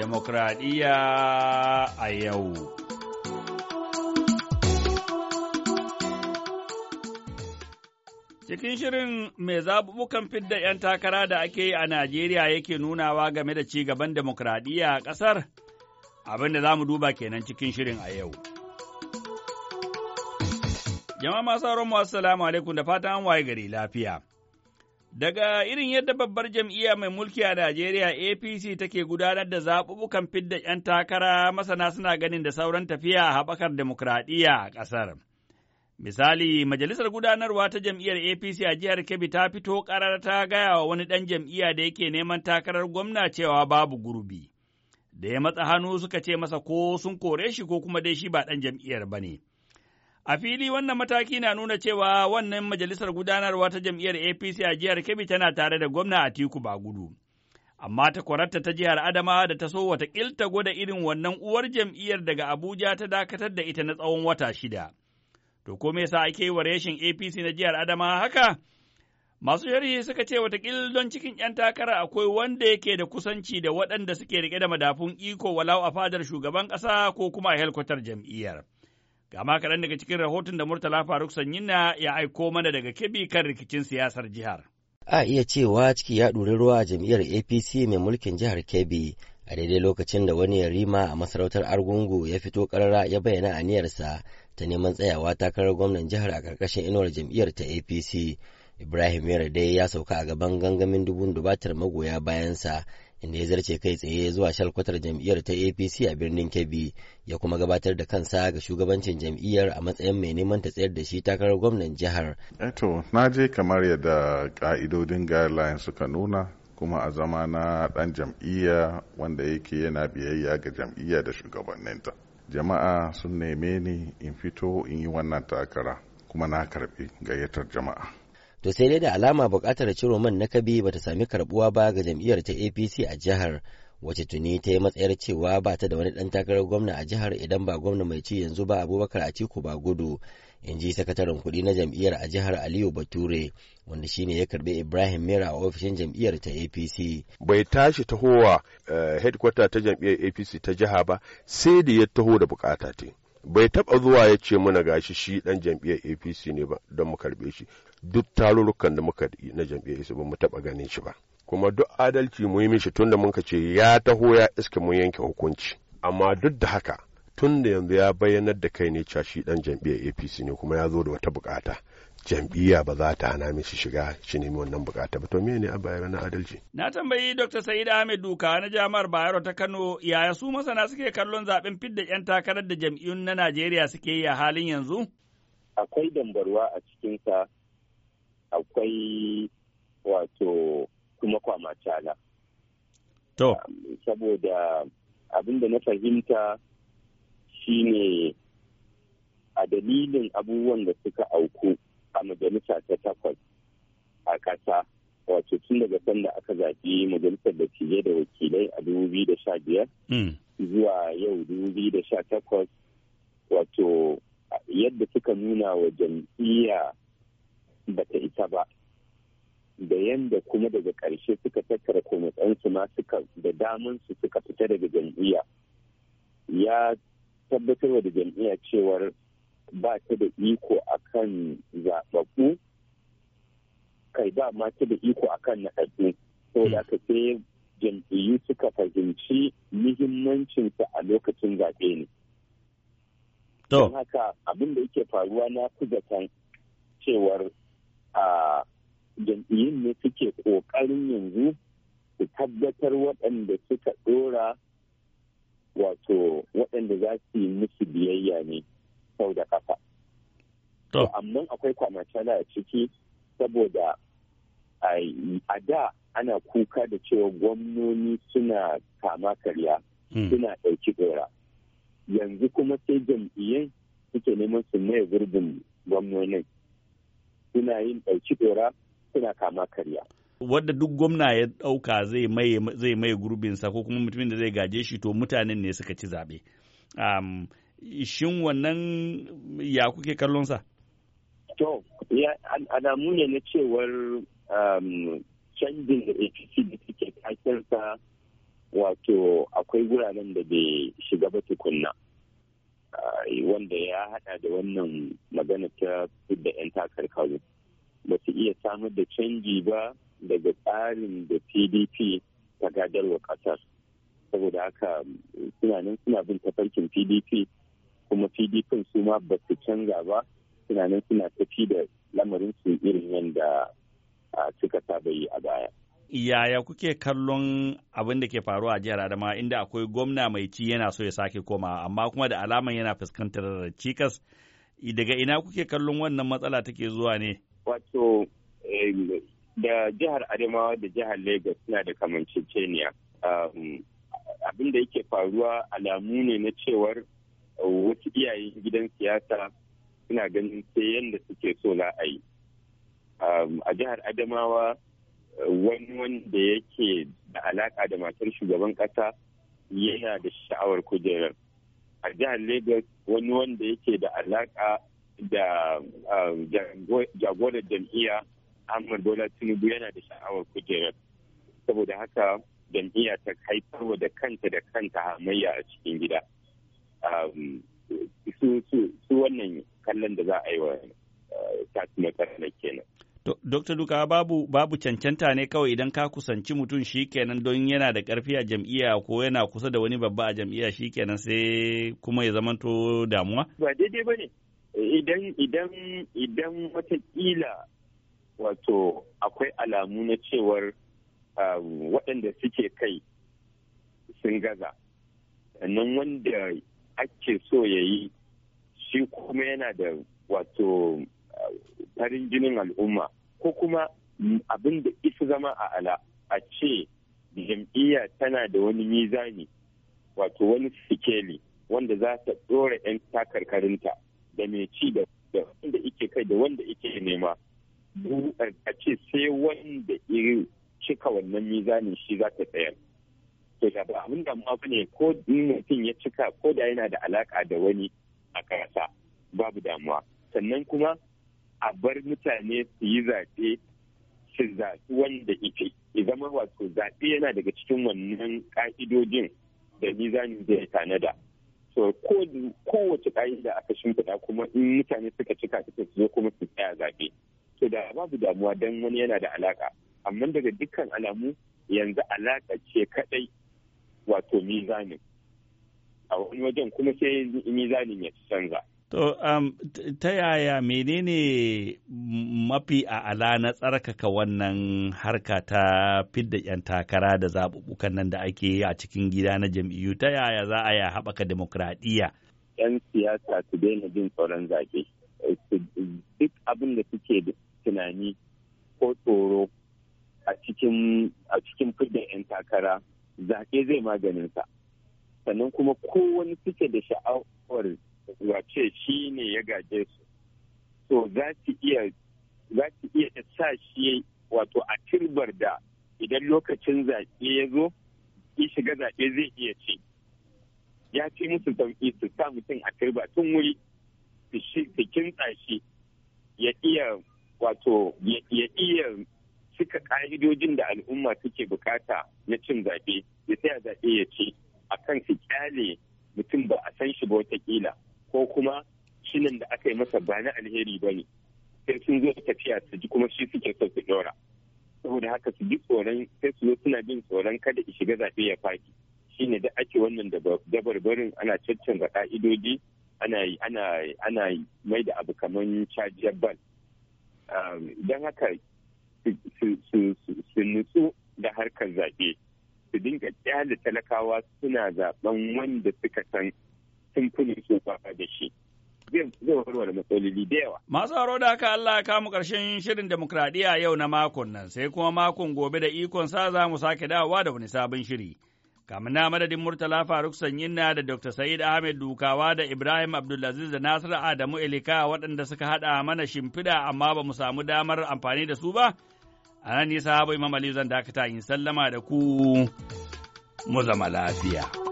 Demokradiyya a yau. Cikin shirin mai zaɓuɓɓukan fidda ‘yan takara da ake yi a Najeriya yake nunawa game da ci gaban demokradiyya a ƙasar, abinda da za mu duba kenan cikin shirin a yau. Jama'a masu mu assalamu alaikum da fatan an waye gari lafiya. Daga irin yadda babbar jam'iyya mai mulki a Najeriya APC take gudanar da zaɓuɓɓukan fidda ‘yan takara masana suna ganin da sauran tafiya a haɓakar demokuraɗiyya a ƙasar. Misali, majalisar gudanarwa ta jam'iyyar APC a jihar Kebbi ta fito ƙarar ta gaya wa wani ɗan jam'iyya da yake neman takarar gwamna cewa babu gurbi. Da ya matsa hannu suka ce masa ko sun kore shi ko kuma dai shi ba ɗan jam'iyyar ba ne. A fili wannan mataki na nuna cewa wannan majalisar gudanarwa ta jam'iyyar APC a jihar Kebbi tana tare da gwamna a Atiku gudu Amma ta kwararta ta jihar Adama da ta so wata kilta gwada irin wannan uwar jam'iyyar daga Abuja ta dakatar da ita na tsawon wata shida. To ko me yasa ake yi wa reshin APC na jihar Adama haka? Masu sharhi suka ce kil don cikin ‘yan takara akwai wanda yake da kusanci da waɗanda suke rike da madafun iko walau a fadar shugaban ƙasa ko kuma a helkwatar jam'iyyar. Ga kaɗan daga cikin rahoton da Murtala Faruk Sanyina ya aiko mana daga Kebbi kan rikicin siyasar jihar. A iya cewa ciki ya ɗuri ruwa a jam'iyyar APC mai mulkin jihar Kebbi a daidai lokacin da wani yarima a masarautar Argungu ya fito ƙarara ya bayyana aniyarsa ta neman tsayawa takarar gwamnan jihar a ƙarƙashin inuwar jam'iyyar ta APC. Ibrahim Yarade ya sauka a gaban gangamin dubun dubatar magoya bayansa inda ya zarce kai tsaye zuwa shalkwatar jam'iyyar ta apc a birnin kebbi ya kuma gabatar da kansa ga shugabancin jam'iyyar a matsayin mai neman ta tsayar da shi takarar gwamnan jihar eto eh na je kamar yadda ka'idodin guidelines suka nuna kuma a zama na dan jam'iyya wanda yake yana biyayya ga jam'iyya da shugabanninta jama'a sun neme ni in fito in yi wannan takara kuma na karbi gayyatar jama'a to sai dai da alama bukatar ciro man na kabi ta sami karbuwa ba ga jam'iyyar ta apc a jihar wace tuni ta yi matsayar cewa ba ta da wani dan takarar gwamna a jihar idan ba gwamna mai ci yanzu ba abubakar atiku ba gudu in ji sakataren kudi na jam'iyyar a jihar aliyu bature wanda shine ya karɓi ibrahim mera a ofishin jam'iyyar ta apc bai tashi tahowa eh, headquarter ta jam'iyyar apc ta jiha ba sai da ya taho da bukata te bai taɓa zuwa ya ce muna gashi shi ɗan jam'iyyar apc ne ba don mu karɓe shi duk tarurrukan da muka yi na jam'iyyar apc ba mu taɓa ganin shi ba kuma duk adalci mu yi mishi tunda mun ka ce ya taho ya iska mun yanke hukunci amma duk da haka tunda yanzu ya bayyanar da kai ne cewa shi ɗan jam'iyyar apc ne kuma ya zo da wata bukata jam'iyya ba za ta hana mishi shiga shi nemi wannan bukata ba to me ne a na adalci na tambayi dr sa'id ahmed duka na jami'ar bayero ta kano yaya su masana suke kallon zaben fidda yan takarar da jam'iyyun na najeriya suke yi a halin yanzu akwai dambarwa a cikin sa akwai wato kuma kwamacala to um, saboda abin da na fahimta shine a dalilin abubuwan da suka auku a majalisa ta takwas a ƙasa wato tun daga sanda aka zaɓi majalisar da ke da wakilai a dubu biyu da sha biyar hmm. zuwa yau dubu biyu da sha takwas wato yadda suka nuna wa jam'iyya ba ta isa ba da yadda kuma daga ƙarshe suka tattara komatsansu ma suka da damansu suka fita daga jam'iyya ya tabbatar da jam'iyya cewar ba ta da iko akan zaɓaɓɓu kai ba ma ta da iko akan naɗaɗɗu so da hmm. ka sai jam'iyyu suka fahimci muhimmancinsa a lokacin zaɓe ne. Don haka abin da yake faruwa na fi zaton cewar a jam'iyyun ne suke ƙoƙarin yanzu su tabbatar waɗanda suka ɗora wato waɗanda za su yi musu biyayya ne. sau da To, Amma akwai kwamacala a ciki saboda a da ana kuka da cewa gwamnoni suna kama karya hmm. suna ɗauki ɗora. Yanzu kuma sai jam'iyyar suke neman su maye gurbin gwamnonin suna yin ɗauki ɗora suna kama karya. wadda duk gwamna ya ɗauka zai mai gurbinsa ko kuma mutumin da zai gaje shi to mutanen ne suka ci zaɓe. shin wannan ya kuke kallon sa to ya alamu ne na cewar um, canjin da apc da suke kakirsa wato akwai wuraren da bai shiga ba tukunna wanda ya hada da wannan magana ta da 'yan takar kawo ba su iya samar da canji ba daga tsarin da pdp ta gadarwa kasar saboda haka suna nan suna bin tafarkin pdp kuma pdp su ma ba su canza ba tunanin suna tafi da lamarin su irin yadda suka saba yi a baya yaya kuke kallon abin da ke faruwa a jihar adama inda akwai gwamna mai ci yana so ya sake koma amma kuma da alaman yana fuskantar cikas daga ina kuke kallon wannan matsala take zuwa ne wato eh, da jihar adamawa da jihar lagos suna da kamanceceniya um, abin da yake faruwa alamu ne na cewar wasu iyayen gidan siyasa suna ganin sai yadda suke so za a yi um, a jihar adamawa uh, wani wanda yake da alaka da matar shugaban kasa yana da sha'awar kujerar a jihar lagos wani wanda yake da alaka da um, jagorar jam'iyya ahmad bola tinubu yana da sha'awar kujerar saboda haka jam'iyya ta haifarwa da kanta da kanta hamayya a cikin gida. Um, su wannan kallon da za a yi wa uh, tasirin ƙarnar kenan. Dokta Duka babu babu cancanta ne kawai idan ka kusanci mutum shi kenan don yana da ƙarfi a jam'iyya ko yana kusa da wani babba a jam'iyya shi kenan sai kuma ya zamanto damuwa? Ba daidai ba ne. Idan idan watakila wato akwai alamu na cewar um, waɗanda suke kai sun gaza. Sannan wanda ake so ya yi shi kuma yana da wato uh, farin jinin al'umma ko kuma mm, abin da isa zama a ala a ce jam'iyya tana da wani mizani wato wani sikeli wanda za ta ɗora 'yan takarkarinta da mai ci da wanda ike kai da wanda ike nema a ce sai wanda iri cika wannan mizanin shi za ta tsayar ke da ba abin damuwa ba ne ko mutum ya cika ko da yana da alaka da wani a karasa babu damuwa sannan kuma a bar mutane su yi zaɓe su zaɓi wanda ike zama wato zaɓe yana daga cikin wannan ƙa'idojin da ni zai tanada so ko kowace ƙa'ida aka shimfiɗa kuma in mutane suka cika suka zo kuma su tsaya zaɓe to da babu damuwa dan wani yana da alaka amma daga dukkan alamu yanzu alaka ce kaɗai wato mizanin a wani wajen kuma sai mizanin ya canza To, um, ta yaya menene mafi a'ala na tsarkaka wannan harka ta fidda 'yan takara da zaɓuɓɓukan nan da ake yi a cikin gida na jam'iyyu ta yaya za a ya haɓaka demokradiyya? 'Yan siyasa su daina jin tsoron zaɓe. Duk abin da suke da tunani ko tsoro a cikin fidda 'yan takara zaɓe zai maganin sa sannan kuma kowani suke da sha'awar wace shi ne ya gaje su so za su iya za sa shi wato a turbar da idan lokacin zaɓe ya zo ya shiga zaɓe zai iya ci ya fi musu sauƙi su sa mutum a turba tun wuri su kintsa shi ya iya wato ya iya cika ƙa'idojin da al'umma suke bukata na cin zaɓe ya tsaya zaɓe ya ce a kan su kyale mutum ba a san shi ba watakila ko kuma shinan da aka yi masa ba na alheri ba ne sai sun zo tafiya su ji kuma shi suke so su ɗora saboda haka su ji tsoron sai su zo suna bin tsoron kada i shiga zaɓe ya faɗi shi shine da ake wannan dabarbarin ana caccanza ka'idoji ana mai da abu kamar cajiyar bal don haka su nutsu da harkar zaɓe su dinga ƙyale talakawa suna zaɓen wanda suka san sun kuni su da shi. zai warware matsaloli da yawa. Masu haro da aka Allah ya kamu ƙarshen shirin demokradiyya yau na makon nan sai kuma makon gobe da ikon sa za mu sake dawowa da wani sabon shiri. na madadin Murtala Faruk Sanyinna da Dr. Sa'id Ahmed Dukawa da Ibrahim Abdulaziz da Nasiru Adamu Elika waɗanda suka haɗa mana shimfiɗa amma ba mu samu damar amfani da su ba, a nan nisa Imam Aliyu zan dakata in sallama da ku mu zama lafiya.